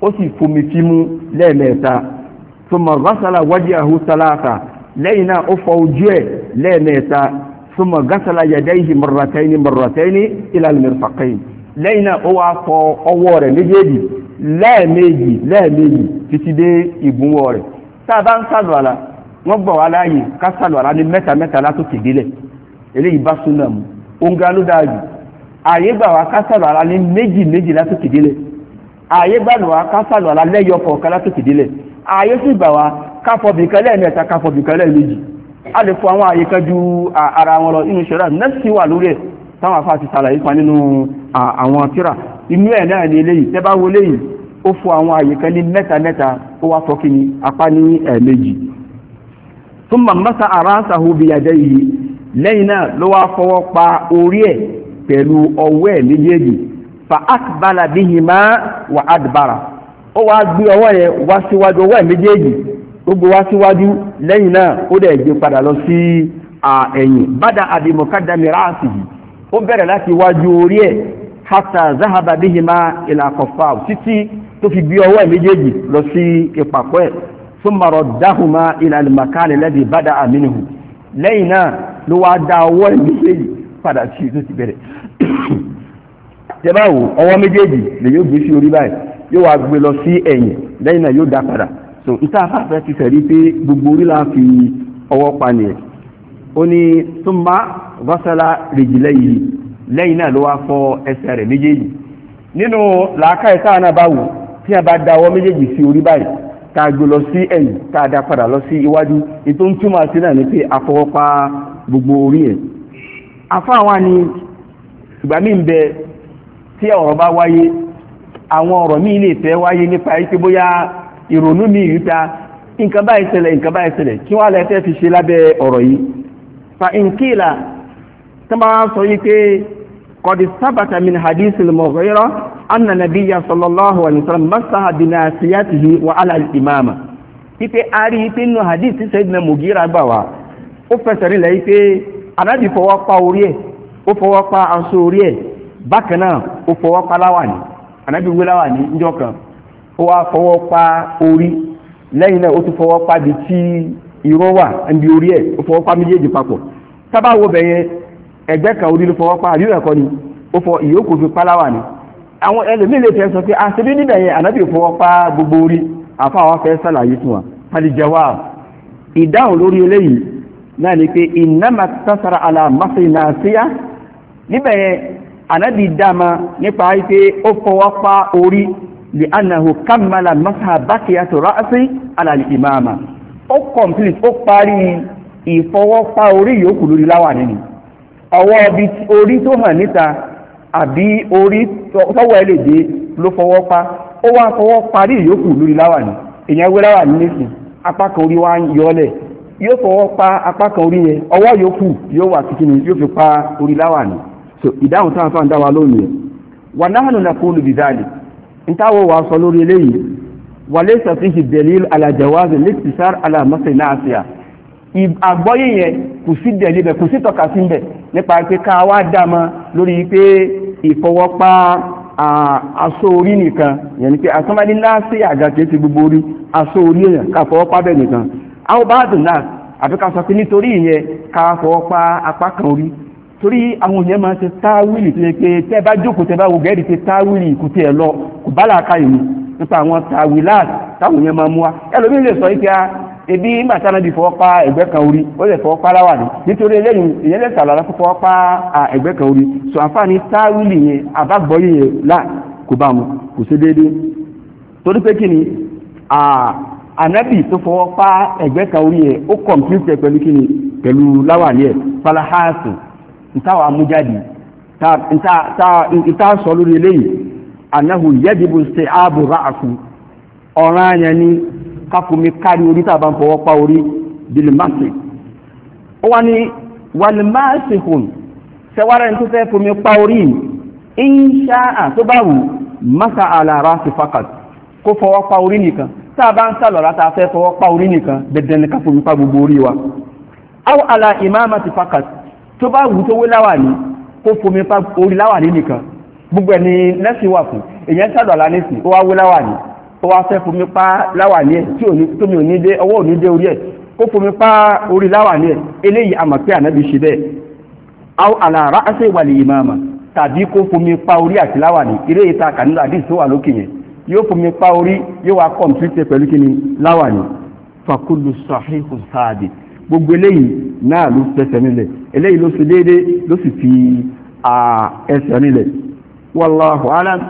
ó sì fomi fímú lẹ́ẹ̀mẹ́ta thumma ghasala wajhahu thalatha lẹ́yìn náà ó fọ ojú ẹ̀ lẹ́ẹ̀mẹ́ta thumma ghasala yadayhi marrataini marrataini ila al-mirfaqayn lẹ́yìn náà ó wá fọ ọwọ́ rẹ̀ méjèèjì lẹ́ẹ̀mejì lẹ́ẹ̀mejì títí dé ìgbúnwọ́ rẹ̀ tá a bá ń sàlùwàlà wọ́n gbọ̀ wá láàyè ká sàlùwàlà ní mẹ́ta mẹ́ta látòkè délẹ̀ eléyìí bá súnà mu òǹgá ààyè gbàlùwà ká sàlùwà lálẹ́yọ kọ̀ọ̀kan látòkè délẹ̀ ààyè sì gbà wá káfọ̀bìkan a lè fọ àwọn àyíká ju ara wọn lọ inú ṣẹlá nẹ́ẹ̀sì wà lórí ẹ̀ táwọn afá ti sàlàyé pa nínú àwọn inú ẹ̀ náà eléyìí tẹ́ bá wo ó fọ àwọn ní mẹ́ta mẹ́ta ó wá fọ́ kíni apá ní ara àjẹ́ yìí fa akbala bihima wa adbara ó wá gbé ọwọ́ yẹn wá síwájú ọwọ́ ẹ̀ méjèèjì ó gbé wá síwájú lẹ́yìn náà ó dẹ̀ gbé padà lọ sí ẹ̀yìn bada abimokadami raasi yìí ó bẹ̀rẹ̀ láti wájú orí ẹ̀ hata zahaba bihima ila kọfà títí tó fi gbé ọwọ́ ẹ̀ lọ sí ìpàkọ́ ẹ̀ thumma raddahuma ila al-makani alladhi bada'a lẹ́yìn náà ló wá dá ọwọ́ ẹ̀ padà sí tó ti bẹ̀rẹ̀ tẹ bá wò ọwọ́ méjèèjì lè yóò gbé sí orí báyìí yóò wá gbé lọ sí ẹ̀yìn lẹ́yìn náà yóò dá padà so níta afáfẹ́ ti fẹ̀rí pé gbogbo orí la fi ọwọ́ pa nìyẹn ó ní túmbá bọ́sálà rèjìlẹ̀ yìí lẹ́yìn náà ló wá fọ ẹsẹ̀ rẹ̀ méjèèjì nínú làákà ẹ̀ táwọn náà bá wò tí a bá da ọwọ́ méjèèjì sí orí báyìí tá a gbé lọ sí ẹ̀yìn tá a dá padà lọ sí iwájú ètò ń túmọ̀ sí náà ni pé afọwọ́pa gbogbo orí ẹ̀ afáwọn ni ìgbà míì ń bẹ tí ọ̀rọ̀ bá wáyé àwọn ọ̀rọ̀ míì lè fẹ́ wáyé nípa ipé bóyá ìrònú mi ìrúta nǹkan báyìí ṣẹlẹ̀ nǹkan báyìí ṣẹlẹ̀ kí wọ́n lẹ́fẹ́ fi ṣe lábẹ́ ọ̀rọ̀ yìí fa nkíla tó bá sọ yí pé kọ̀dí sábàtà min hadith al-Mughira anna sallallahu alayhi wa sallam masaha binasiyatihi wa ala imama ipe ari ipe nu hadith sayyidina Mughira gbà wá ó fẹsẹ̀ rí lẹ́yìn pé anábì fọwọ́ pa orí ẹ̀ ó fọwọ́ pa aṣọ orí ẹ̀ bákan náà ó fọwọ́ pa láwàní ànábì wé láwàní níjọ́ kan ó wá fọwọ́ pa orí lẹ́yìn náà ó tún fọwọ́ pa di tí irun wà níbi orí ẹ̀ ó fọwọ́ pa méjèèjì papọ̀ bẹ̀yẹn ẹgbẹ́ kan orí ló fọwọ́ pa ni ó fọ ìyókù fi pa àwọn ẹlòmíì lè fẹ́ sọ pé pa gbogbo orí àfa fẹ́ sàlàyé fún wa ìdáhùn lórí eléyìí náà ni pé àlà ànábì dáma nípa wípé ó fọwọ́ pa orí lè anahu kammala masaha bakiya tó ra'asi alàlì imama ó complete ó parí ìfọwọ́pá orí yòókù lórí láwà nínú ọwọ́ bí orí tó hàn níta àbí orí tọ́wọ́ ẹlẹ́dẹ́ ló fọwọ́pá ó wá fọwọ́ parí yòókù lórí láwà ní èyàn wé láwà ní nìsìn apá kan orí wá ń yọlẹ̀ yóò fọwọ́ pa apá kan orí yẹn ọwọ́ yòókù yóò wà yóò so ìdáhùn táwọn fáwọn dáwà lónìí wà náà nù nàkúlù bìdáàlì sọ lórí eléyìí wà lè sàfihì dẹ̀líl alàjẹwàzì lẹ́tìsáàr alàmọ́sẹ̀ náà sí à àgbọ́yé yẹn kò sí dẹ̀lí bẹ̀ kò sí tọ́ka sí bẹ̀ nípa pé ká wá dáma ni ti gbogbo na sọ pé nítorí ìyẹn ká apá kan torí àwọn òyìn máa ṣe táwìlì tó yẹ pé tẹ́ bá jókòó tẹ́ bá wò gẹ́ẹ̀dì ṣe táwìlì kò tiẹ̀ lọ kò bá làákà ìlú nípa àwọn táwìlà táwọn òyìn máa mú wa ẹlòmíì lè sọ ìpè ah, ebi nígbà tí anábì fọwọ́ pa ẹ̀gbẹ́ kan orí ó lè fọwọ́ pa láwà ní nítorí eléyìí ìyẹn lè sàlọ́ láti fọwọ́ pa ẹ̀gbẹ́ kan orí so àǹfààní táwìlì yẹn àbágbọ́yé yẹn là kò bá mu kò sí déédéé torí pé kí ni anábì tó fọwọ́ pa ẹ̀gbẹ́ kan orí yẹn ó kọ̀m̀pútẹ̀ pẹ̀lú kí ni pẹ̀lú láwà ní ẹ̀ falahásùn ìtawà mújáde ìta sọ lórí eléyìí anáhù yẹ́dìbò ṣe ààbò ráàkù ọ̀ràn àyàn ni kákùnmí kárí orí tàbá ń fọwọ́ pa orí bilimasi ó wá ní walimasi hùn sẹ́wárẹ́ ní tó fẹ́ fún mi pa orí ìṣá àtúbàwù masa alára sí fakat kó fọwọ́ pa orí nìkan tàbá ń sàlọ̀lá tàà fẹ́ fọwọ́ pa orí nìkan dẹ̀dẹ̀ ní kákùnmí pa gbogbo orí wa aw ala imamati fakat tó bá wù tó wé láwàní kó fomi pa orí láwàní nìkan gbogbo ẹni lẹ́sìn wà fún èyàn sàdọ̀lá nísìn ó wá wé láwàní ó wá fẹ́ fomi pa láwàní ẹ̀ tí tómi òní dé ọwọ́ òní dé orí ẹ̀ kó fomi pa orí láwàní ẹ̀ eléyìí àmọ̀ pé ànábi ṣe bẹ́ẹ̀ àwọn àlàrá àṣẹ ìwàlẹ̀ ìmáàmà tàbí kó fomi pa orí àti láwàní eré ìta kànínú àdìs tó wà lókè yẹn yóò fomi pa orí yóò wá kọ̀m̀pútà sahihu sáàdì gbogbo eléyìí náà ló fẹsẹ̀ nílẹ̀ eléyìí ló sì déédé ló sì fi ẹsẹ̀ nílẹ̀ wallahu alam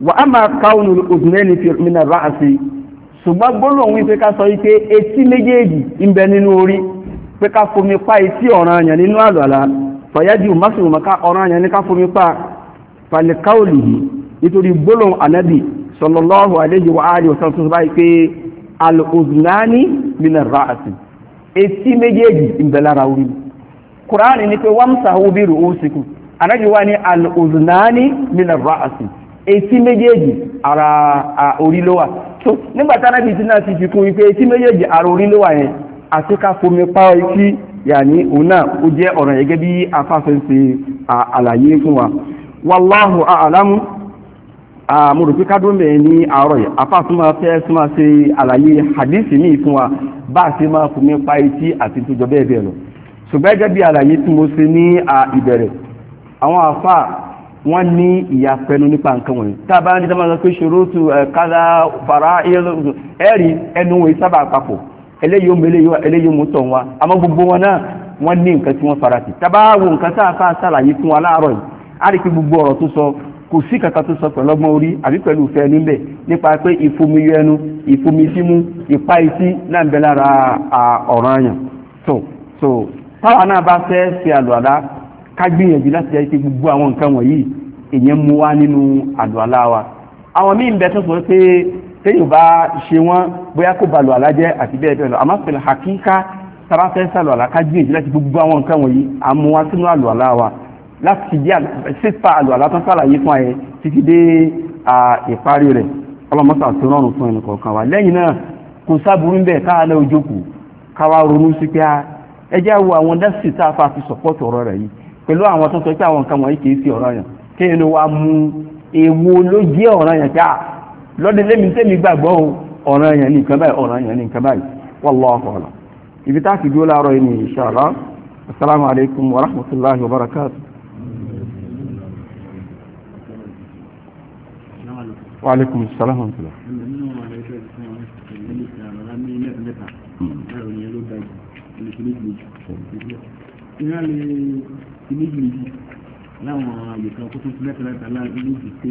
wa amma káwọn òdùnẹ́ni fi mí náà ráàsì ṣùgbọ́n gbólóhùn wípé ká sọ wípé etí méjèèjì ń bẹ nínú orí pé ká fomi pa etí ọ̀ràn àyàn nínú àlọ́lá fàyájú mọ́sùlùmọ́ ká ọ̀ràn àyàn ní ká fomi pa falẹ̀káòlì yìí nítorí gbólóhùn ànábì sallallahu alayhi wa alihi wa sallam báyìí pé al-udhnani min ar-ra's etí méjèèjì ń bẹ lára orí kùránì ní pé wamsahu bi ru'usikum anábì wá ní al-uznani min ar-ra'si ara orilowa so nígbà ti fi kún wípé eti méjèèjì ara orilowa ló wà yẹn fomi pa etí yàní òun náà ó jẹ́ ọ̀rọ̀ gẹ́gẹ́ wa wallahu a'lamu mo rò pé ká dún hadisi a ṣe fomi ṣùgbọ́n gẹ́gẹ́ bí àlàyé tí mo ṣe ní ìbẹ̀rẹ̀ àwọn àfà wọ́n ní ìyapẹnu nípa nǹkan wọ̀nyí tá a bá ń pé ṣòro tu kádà fara ẹ̀rí ẹnu wọn sábà papọ̀ eléyìí ó mẹ́lẹ̀ eléyìí ó mú tọ̀ wọn àmọ́ gbogbo wọn náà wọ́n ní nǹkan tí wọ́n fara sí tá a bá wo nǹkan tá a fà ṣàlàyé fún wa láàárọ̀ yìí á rí i pé gbogbo ọ̀rọ̀ tó sọ so so táwa náà bá fẹ́ ṣe àlùwàlá ká gbìyànjú láti jẹ́ pé gbogbo àwọn nǹkan wọ̀nyí èèyàn mú wá nínú àlùwàlá wa àwọn míì ń bẹ tó sọ pé téèyàn ṣe wọ́n bóyá kó ba àlùwàlá jẹ́ àti bẹ́ẹ̀ bẹ́ẹ̀ lọ àmọ́ pẹ̀lú àkíká táwa fẹ́ ṣe àlùwàlá ká gbìyànjú láti gbogbo àwọn nǹkan wọ̀nyí àmú wá sínú àlùwàlá wa láti jẹ́ sípa àlùwàlá tán sàlàyé fún ayẹ títí dé ìparí rẹ̀ ọlọ́mọ́sà tó rọrùn ẹjẹ́ wo àwọn dẹ́sì tá a fa fi sọ̀pọ̀tì ọ̀rọ̀ rẹ̀ yìí pẹ̀lú àwọn tó sọ pé àwọn nǹkan wọ̀nyí kìí sí ọ̀rọ̀ yẹn kí ẹnu wa mú ewu ló jẹ́ ọ̀rọ̀ yẹn pé à ah, lọ́dún lẹ́mi tẹ́mi gbàgbọ́ ọ̀rọ̀ yẹn ní nǹkan báyìí ọ̀rọ̀ yẹn ní nǹkan báyìí wallahu a'lam ibi tá a ti dúró láàárọ̀ yìí ní insha Allah assalamu alaikum wa rahmatullahi wa barakatuh. wa alaikum assalam wa rahmatullah. ìran lè méjì méjì láwọn àyè kan kó tó ti mẹ́ta láta láàrin méjì pé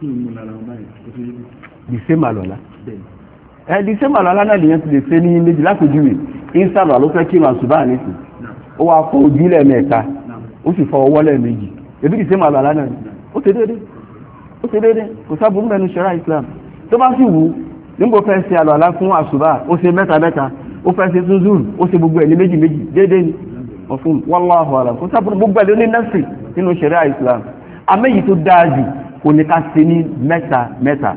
kí òun lára wọn báyìí kó tó yẹ. dìse màlọ́lá ẹ dìse màlọ́lá náà lèyàn ti lè ṣe ní méjì lápèjúwe ìsàlọ̀ ló fẹ́ kí màá sùn báà nísìn ó ṣe déédéé ó ṣe déédéé kò ṣẹ́ra Islam tó bá sì wù nígbò fẹ́ ṣe àlọ́lá fún àṣùbà ó ṣe mẹ́ta mẹ́ta ó fẹ́ ṣe tún zúrù ó ṣe gbogbo ẹ̀ ní méjì méjì déédéé ni ọ̀fún wọ́láhù aláàfù sábúrú gbogbo ẹ̀lú ní nẹ́sì nínú ṣẹ̀ríà islam amẹ́yìí tó dáa jù kò ní ká ṣe ní mẹ́ta mẹ́ta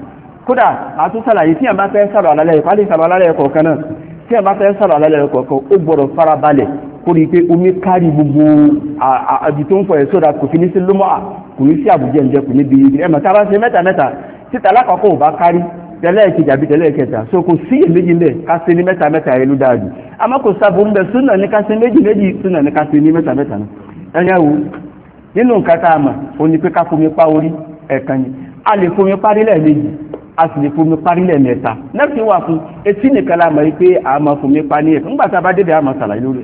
kódà àtúnṣàlàyé tí àbá fẹ́ sàrọ̀ alálẹ̀ ẹ̀kọ́ alẹ́ sàrọ̀ alálẹ̀ ẹ̀kọ́ kan náà tí àbá fẹ́ sàrọ̀ alálẹ̀ ẹ̀kọ́ kan ó gbọ́dọ̀ farabalẹ̀ kó rí i pé omi kárí gbogbo àbí tó ń fọ ẹ̀sọ́ ra kò fi ní sí lómọ́ kò ní sí àbújẹ́ ǹjẹ́ kò ní bí ẹ̀mọ̀ tá a bá ṣe mẹ́ta mẹ́ta títà alákọ̀ọ́kọ́ ò bá kárí tẹ́lẹ̀kejì àbí tẹ́lẹ̀kẹta so kò sí èméjì lẹ̀ ní mẹta mẹta ẹlú dáadù àmọ́ kò sábò ń bẹ súnà ní kásí méjì méjì súnà ní kásí ní mẹta mẹ́ta ẹ̀yà wo nínú nǹkan tá a mọ̀ o pé ká fomi pa orí ni a lè fomi parí lẹ́ẹ̀mejì a sì lè fomi parí wà fún etí nìkan la mọ̀ pé a máa fomi pa ní ẹ̀kan nígbà tá bá débẹ̀ a máa lórí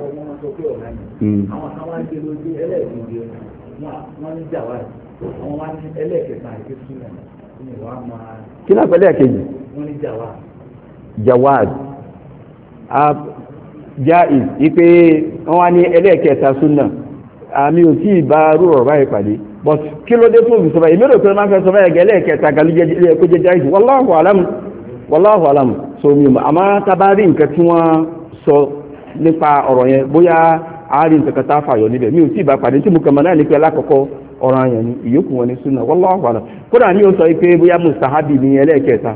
Hmm. àwọn kan wá ń ṣe jaiz ipe wọ́n wá ní ẹlẹ́ẹ̀kẹta súnà àmì ò tí ì báyìí pàdé but kí ló dé tó fi sọfà ìmírò tó máa fẹ́ sọfà ẹ̀gẹ́ alam so mi àmọ́ tabari nǹkan tí wọ́n sọ nípa ọ̀rọ̀ yẹn bóyá ari nǹkan kan tá a fàyọ níbẹ̀ mi ò tí ì bá pàdé tí mo kàn mọ́ náà ní pé alákọ̀ọ́kọ́ ọ̀rọ̀ àyàn ni ìyókù wọn ni súnà wallahu kódà mi ò sọ pé bóyá ẹlẹ́ẹ̀kẹta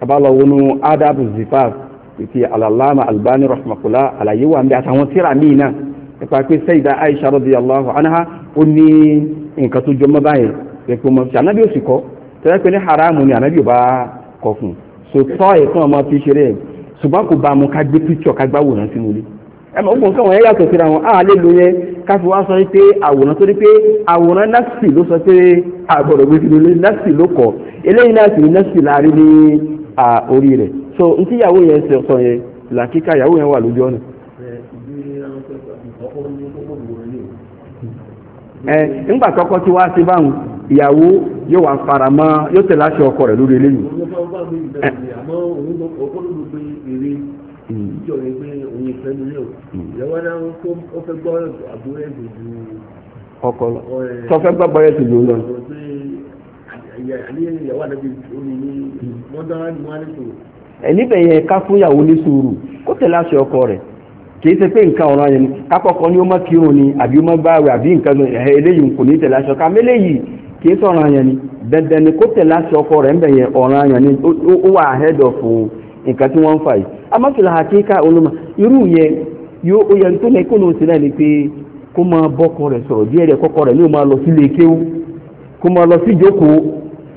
abalawonu adabu zifaf ti alalama albani rahmakula àlàyé wa nbẹ àtàwọn tírà míì náà nípa pé sayida aisha radiyallahu anha ó ní nǹkan tó jọmọ báyìí pẹpẹ ọmọ fìṣà anábì òsì kọ tẹ́lẹ̀ pé ní haramu ni anábì ò bá kọ fún so tọ́ ẹ̀ ọmọ fi ṣeré ṣùgbọ́n kò bá mu ká gbé píṣọ̀ ká gbá wòrán sínú ilé ẹ mọ̀ fún káwọn yàtọ̀ síra wọn á lè lo yẹn ká sọ pé àwòrán tó pé àwòrán násì ló sọ pé àgbọ̀dọ̀ gbé sínú ilé ló kọ̀ eléyìí násì násì láàrin ní orí rẹ̀ so n tí ìyàwó yẹn sọ yẹn làkíkà ìyàwó yẹn wà lójú ọ̀nà. ẹ ńgbà tọkọ tí wàá ṣe báwọn ìyàwó yóò wá fara mọ́ yóò tẹ̀lé àṣẹ ọkọ rẹ̀ lórí eléyìí. ìjọ òun ìfẹ́ o ìyàwó náà ó fẹ́ gbọ́ lọ. ìyàwó àdàbí ó ní ní. ẹ̀níbẹ̀ yẹ ká ní sùúrù kó tẹ̀lé àṣẹ ọkọ rẹ̀ kìí ṣe pé nǹkan ọ̀ràn yẹn kápọ̀kọ́ ni ó mọ́ kírun ni àbí ó mọ́ gbáwẹ̀ àbí nǹkan eléyìí ní tẹ̀lé ni ni kó tẹ̀lé ọkọ rẹ̀ ńbẹ̀ yẹn ọ̀ràn yẹn ni ó wà ahead of nǹkan tí wọ́n ń fà yìí irú yóò kó ni máa lọ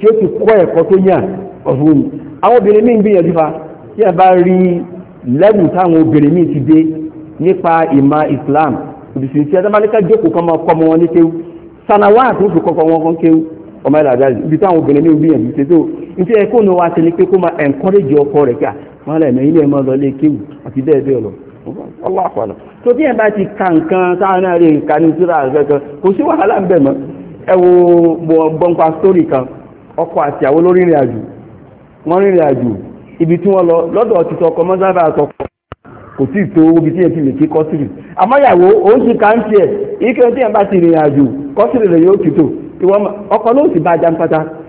tí ó ti kọ́ ẹ̀kọ́ tó yàn ọ̀hún àwọn obìnrin míì ń gbìyànjú fa tí a bá rí lẹ́bùn táwọn obìnrin míì ti dé nípa ìmọ̀ Islam òbísìn tí adámálíkà jókòó kan máa wọn ní kéwú sanawa àti kọ́kọ́ wọn kan kéwú ọmọ ẹ̀dá àdáyé ibi táwọn obìnrin míì gbìyànjú ṣe tó nítorí ẹ̀kọ́ ní wa ti ní pé kó máa encourage ọkọ rẹ̀ kí ilé lọ lé kéwú àti bẹ́ẹ̀ bẹ́ẹ̀ lọ tó bí ẹ̀ bá ọkọ àti àwọn olórìnrìn àjò wọ́n rìnrìn àjò ibi tí wọ́n lọ lọ́dọ̀ ti tọkọ mọ́sábà kò tí tó ibi tí yẹn ti lè kí kọ́sìrì òun ti ń tiẹ̀ ike tí yẹn bá ti rìnrìn àjò kọ́sìrì rẹ̀ yóò sì bá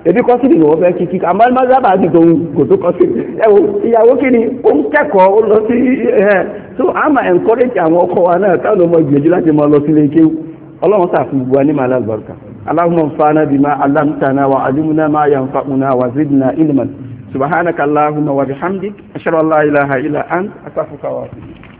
ebi kọ́sìrì ni wọ́n fẹ́ àmọ́ mọ́sábà ti tó kò tó kọ́sìrì ẹ̀wò ìyàwó kí ni ó ń kẹ́kọ̀ọ́ ó lọ sí ẹ̀ so a máa encourage àwọn wa náà ọmọ اللهم انفعنا بما علمتنا وعلمنا ما ينفعنا وزدنا علما سبحانك اللهم وبحمدك أشهد أن لا إله إلا أنت أستغفرك وأتوب إليك